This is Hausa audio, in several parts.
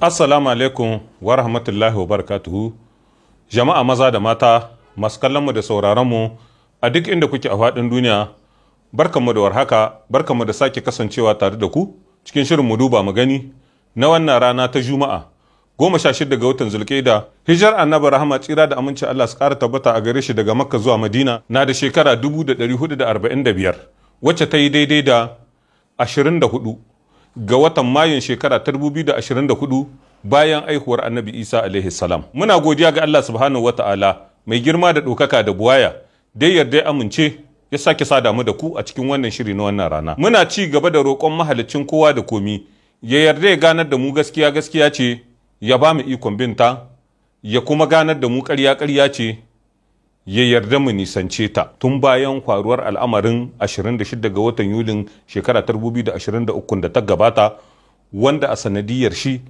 Assalamu alaikum wa rahmatullahi wa barakatuhu. Jama'a maza da mata, masu mu da mu a duk inda kuke a faɗin duniya, barkanmu da warhaka, barkanmu da sake kasancewa tare da ku cikin shirin mu duba mu gani na wannan rana ta Juma'a. Goma sha shida ga watan Zulkaida, hijar annabi rahama tsira da aminci Allah su ƙara tabbata a gare shi daga Makka zuwa Madina na da shekara dubu da ɗari hudu da arba'in da biyar wacce ta yi daidai da ashirin da hudu ga watan mayun shekara ta hudu bayan aihuwar annabi isa alaihi salam muna godiya ga allah subhanahu ta'ala mai girma da ɗaukaka da buwaya dai yarda ya amince ya sake sada mu da ku a cikin wannan shiri na wannan rana muna ci gaba da roƙon mahalicin kowa da komi ya yarda ya ganar da mu gaskiya gaskiya ce ya ba mu ikon binta ya kuma ganar da mu karya-karya ce ya yarda mu nisance ta tun bayan kwaruwar al'amarin 26 ga watan yulin shekara 2023 da ta gabata wanda a sanadiyar shi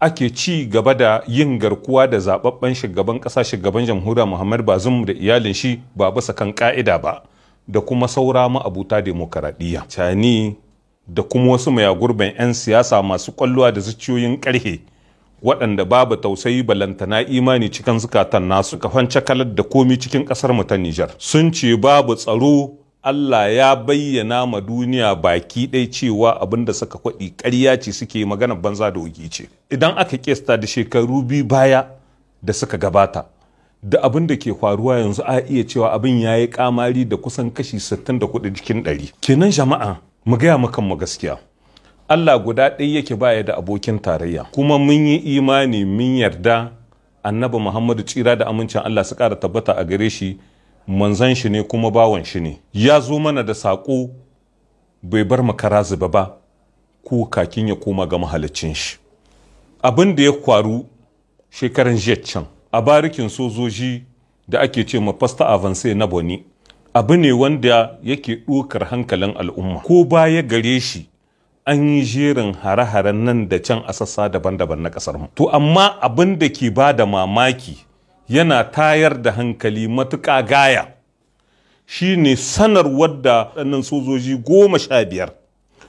ake ci gaba da yin garkuwa da zababben shugaban ƙasa shugaban jamhuriya muhammad bazum da iyalin shi ba bisa kan ka'ida ba da kuma saura ma'abuta demokaradiyya cani da kuma wasu mayagurban 'yan siyasa masu kwallowa da zuciyoyin karhe. waɗanda babu tausayi balantana imani cikin zukatan nasu kafan cakalar da komi cikin ƙasar mu ta Nijar sun ce babu tsaro Allah ya bayyana ma duniya baki ɗaya cewa abin da suka kwaɗi ƙarya ce suke magana banza da wuki ce idan aka kesta da shekaru biyu baya da suka gabata da abin da ke faruwa yanzu a iya cewa abin ya yi kamari da kusan kashi 64 cikin ɗari. kenan jama'a mu gaya makan mu gaskiya Allah guda ɗaya yake baya da abokin tarayya kuma mun yi imani mun yarda annabi Muhammadu tsira da amincin Allah su ƙara tabbata a gare shi manzan shi ne kuma bawan shi ne ya zo mana da saƙo bai bar makara zuba ba ko kakin ya koma ga mahalicin shi abin da ya kwaru shekaran jiyaccen a barikin sojoji da ake ce ma fasta avance na boni abu ne wanda yake ɗokar hankalin al'umma ko baya gare shi an yi jerin hare-haren nan da can a sassa daban-daban na kasar mu to amma abin da ke ba da mamaki yana tayar da hankali matuƙa gaya shine sanarwar da ɗannan sojoji goma sha biyar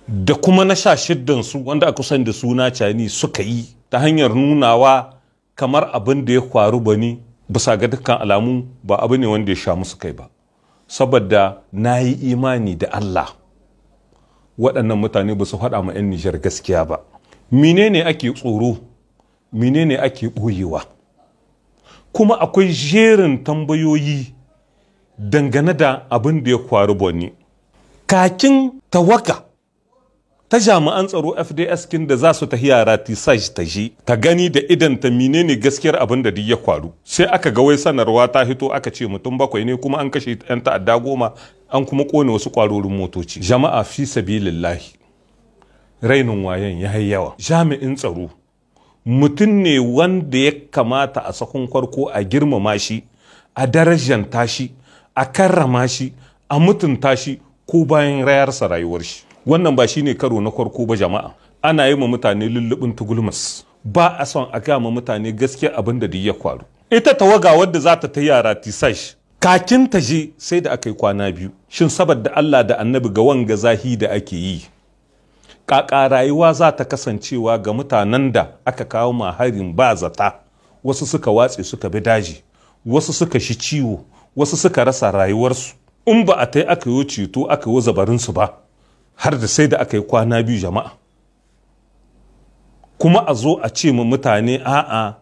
da kuma na sha shiddan su wanda aka san da suna cani suka yi ta hanyar nunawa kamar abin da ya faru bani bisa ga dukkan alamu ba abu ne wanda ya sha musu kai ba saboda na yi imani da Allah waɗannan mutane ba su faɗa ma 'yan nijar gaskiya ba menene ake tsoro menene ake ɓoyewa kuma akwai jerin tambayoyi dangane da abin da ya kwaru bonni kakin tawaga ta jami'an tsaro fds kin da za su tafi yara tisaj ta je ta gani da idan ta menene gaskiyar abin da duk ya kwaru sai aka ga wai sanarwa ta hito aka ce mutum bakwai ne kuma an kashe yan ta'adda goma an kuma kone wasu kwarorin motoci jama'a fi sabilillahi rainin wayan ya yi yawa jami'in tsaro mutum ne wanda ya kamata a sakon farko a girmama shi a darajanta shi a karrama shi a mutunta shi ko bayan rayarsa rayuwar shi wannan ba shi ne karo na farko ba jama'a ana yi ma mutane lullubin tugulmas ba a son a gaya ma mutane gaskiya abin da ya kwaru ita tawaga wadda za ta ta yara tisash kakin ta je sai da aka yi kwana biyu shin saboda Allah da annabi ga wanga zahi da ake yi kaka rayuwa za ta kasancewa ga mutanen da aka kawo ma harin ba zata wasu suka watse suka bi daji wasu suka shi ciwo wasu suka rasa rayuwarsu in ba a ta yi aka yi ceto aka yi zabarinsu ba har da sai da aka yi kwana biyu jama'a kuma a zo a ce mu mutane a'a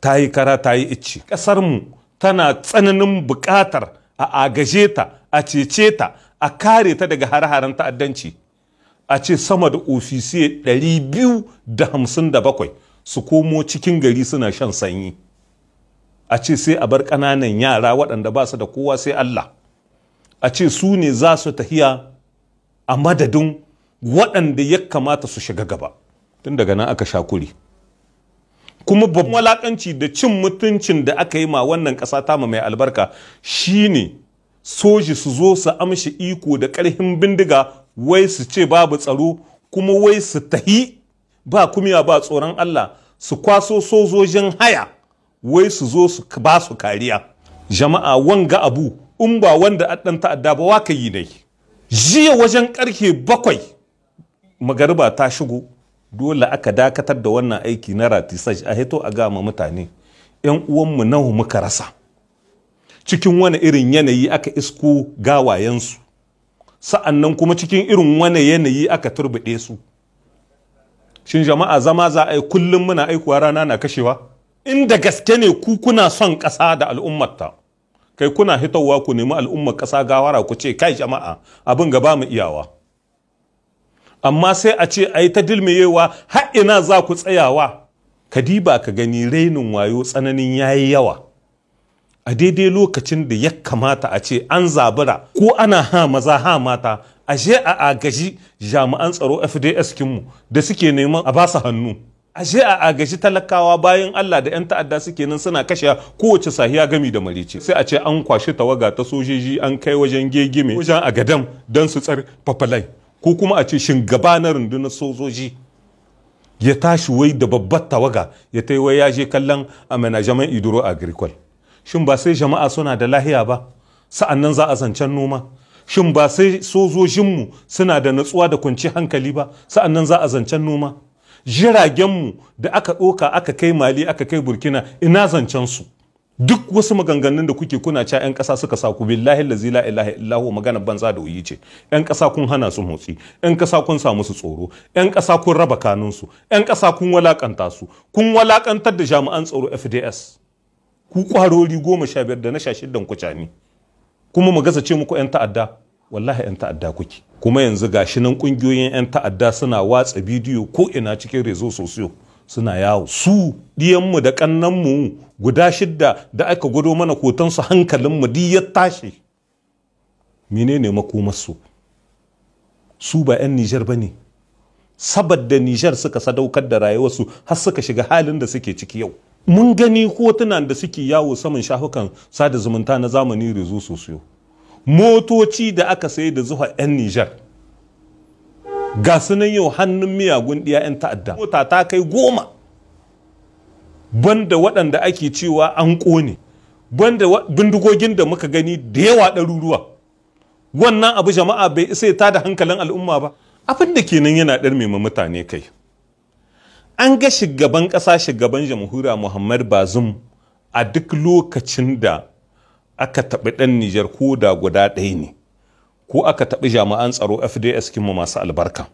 ta yi kara ta yi icci ƙasarmu tana tsananin buƙatar a agaje ta a cece ta a kare ta daga har-haren ta'addanci a ce sama da ofisiye bakwai su komo cikin gari suna shan sanyi a ce sai a bar ƙananan yara waɗanda ba su da kowa sai Allah a ce su ne za su tahiya a madadin waɗanda ya kamata su shiga gaba tun daga nan aka sha kuri. kuma babban walakanci da cin mutuncin da aka yi ma wannan ƙasa tamu mai albarka shine soji su zo su amshi iko da ƙarhin bindiga wai su ce babu tsaro kuma wai su tahi ba kumiya ba tsoron Allah su kwaso sojojin haya wai su zo su ba su kariya jama'a wanga abu in ba wanda ɗan ta'adda ba wa ka yi dai jiya wajen karfe bakwai magariba ta shigo dole aka dakatar da wannan aiki na ratisaj a hito a gama mutane yan uwanmu nahu muka rasa cikin wani irin yanayi aka isko gawayensu nan kuma cikin irin wani yanayi aka turbide su shin jama'a zama za a yi kullum muna aikuwa rana na kashewa inda gaske ne ku kuna son ƙasa da al'ummata. kai kuna hitowa ku nemi al'ummar ƙasa gawara ku ce kai jama'a abin gaba mu iyawa amma sai a ce a ta dilmiyewa har ina za ku tsayawa kadiba ka gani rainin wayo tsananin yayi yawa a daidai lokacin da ya kamata a ce an zabura ko ana ha maza ha mata ashe a agaji jami'an tsaro fds kinmu da suke neman a basu hannu ashe a agashi talakawa bayan Allah da 'yan ta'adda suke nan suna kashe kowace sahiya gami da marice sai a ce an kwashi tawaga ta sojoji an kai wajen gegime wajen agadan don su tsar papalai ko kuma a ce gaba na rundunar sojoji ya tashi wai da babbar tawaga ya ta wai ya je kallon a manajaman iduro agricole shin ba sai jama'a suna da lahiya ba sa'an nan za a zancen noma shin ba sai sojojinmu suna da natsuwa da kwanci hankali ba sa'an nan za a zancen noma jiragenmu da aka ɗoka aka kai mali aka kai burkina ina zancen su duk wasu maganganun da kuke kuna cewa 'yan ƙasa suka sa ku billahi la zila ilaha illahu magana banza da wuyi ce 'yan ƙasa kun hana su motsi 'yan ƙasa kun sa musu tsoro 'yan ƙasa kun raba kanun su 'yan ƙasa kun walakanta su kun walakantar da jami'an tsaro FDS ku kwarori goma sha biyar da na sha shiddan kucani kuma mu gasa ce muku 'yan ta'adda wallahi 'yan ta'adda kuke kuma yanzu gashi nan kungiyoyin 'yan ta'adda suna watsa bidiyo ko ina cikin rezo sosiyo suna yawo su ɗiyanmu da ƙannanmu guda shidda da aka gwado mana kotansu hankalinmu duk ya tashi ne makomarsu su ba 'yan nijar ba ne saboda nijar suka sadaukar da rayuwarsu har suka shiga halin da suke ciki yau mun gani hotunan da suke yawo saman shafukan sada zumunta na zamani rezo sosiyo motoci da aka sayi da zuwa 'yan nijar ga sunan yau hannun miyagun ɗiya 'yan ta'adda mota ta kai goma banda waɗanda ake cewa an ƙone banda bindigogin da muka gani da yawa ɗaruruwa wannan abu jama'a bai isa ta da hankalin al'umma ba abin da kenan yana ɗar ma mutane kai an ga shugaban ƙasa shugaban jamhuriya muhammad bazum a duk lokacin da aka taɓi ɗan Nijar ko da guda ɗaya ne ko aka taɓi jami'an tsaro FDS kinmu masu albarka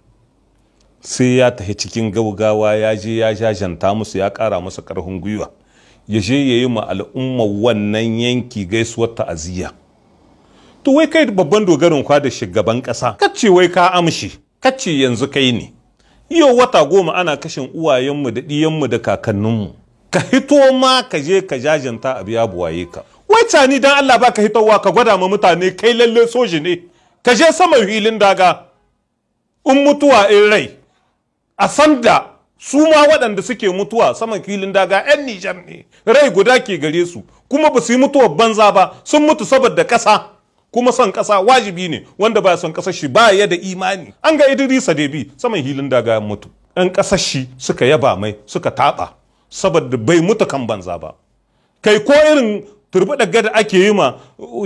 sai ya tafi cikin gaugawa ya je ya jajanta musu ya ƙara musu ƙarfin gwiwa ya je ya yi ma al'umma wannan yanki gaisuwar ta'aziyya to wai kai babban dogarin kwa da shugaban ƙasa kacce wai ka amshi kacce yanzu kai ne yau wata goma ana kashin uwayenmu da ɗiyanmu da kakanninmu ka hito ma ka je ka jajanta abu ya buwaye ka wai cani dan Allah baka hitowa ka gwada ma mutane kai lalle soji ne ka je saman filin daga in mutuwa in rai a sanda su ma waɗanda suke mutuwa saman filin daga 'yan Nijar ne rai guda ke gare su kuma ba su yi mutuwar banza ba sun mutu saboda ƙasa kuma son ƙasa wajibi ne wanda ba son ƙasar shi ba da imani an ga Idrisa Debi saman filin daga ya mutu ƙasar shi suka yaba mai suka taɓa saboda bai mutu kan banza ba kai ko irin turbuɗa gada ake yi ma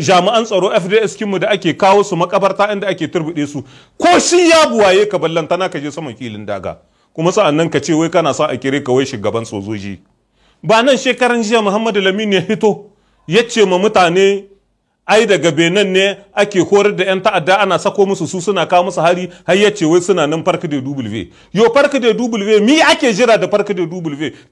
jami'an tsaro fds kinmu da ake kawo su makabarta inda ake turbuɗe su ko shi ya buwaye ka ballantana ka je saman filin daga kuma sa'annan ka ce wai kana sa a kire ka wai shugaban sojoji ba nan shekaran jiya muhammadu lamini ya hito ya ce ma mutane ai daga benin ne ake horar da 'yan ta'adda ana sako musu su suna kawo musu hari har ya ce wai suna nan farka da w yo farka da w mi ake jira da farka da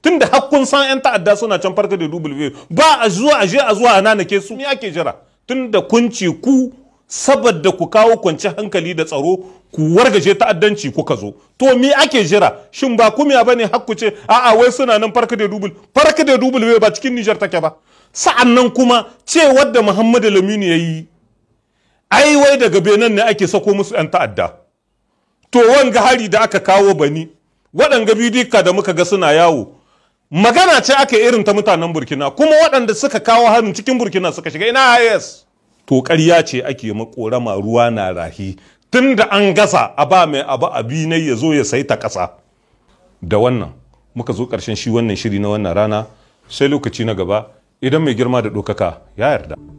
tun da hakkun san 'yan ta'adda suna can farka da w ba a zuwa a je a zuwa a nanake su mi ake jira tun da kunci ku saboda ku kawo kwanci hankali da tsaro ku wargaje ta'addanci kuka zo to me ake jira shin ba kumiya bane ku ce a'a wai suna nan farka da dubul farka da dubul ba cikin Niger take ba sa'an nan kuma ce wadda Muhammadu Lamini yayi ai wai daga Benin ne ake sako musu yan ta'adda to wanga hari da aka kawo bani waɗanga bidika da muka ga suna yawo magana ce aka irin ta mutanen Burkina kuma waɗanda suka kawo harin cikin Burkina suka shiga ina IS to ƙarya ce ake makorama ruwa na rahi tun da an gasa a ba mai abu abi ne ya zo ya saita ƙasa da wannan muka zo ƙarshen shi wannan shiri na wannan rana sai lokaci na gaba idan mai girma da ɗaukaka ya yarda.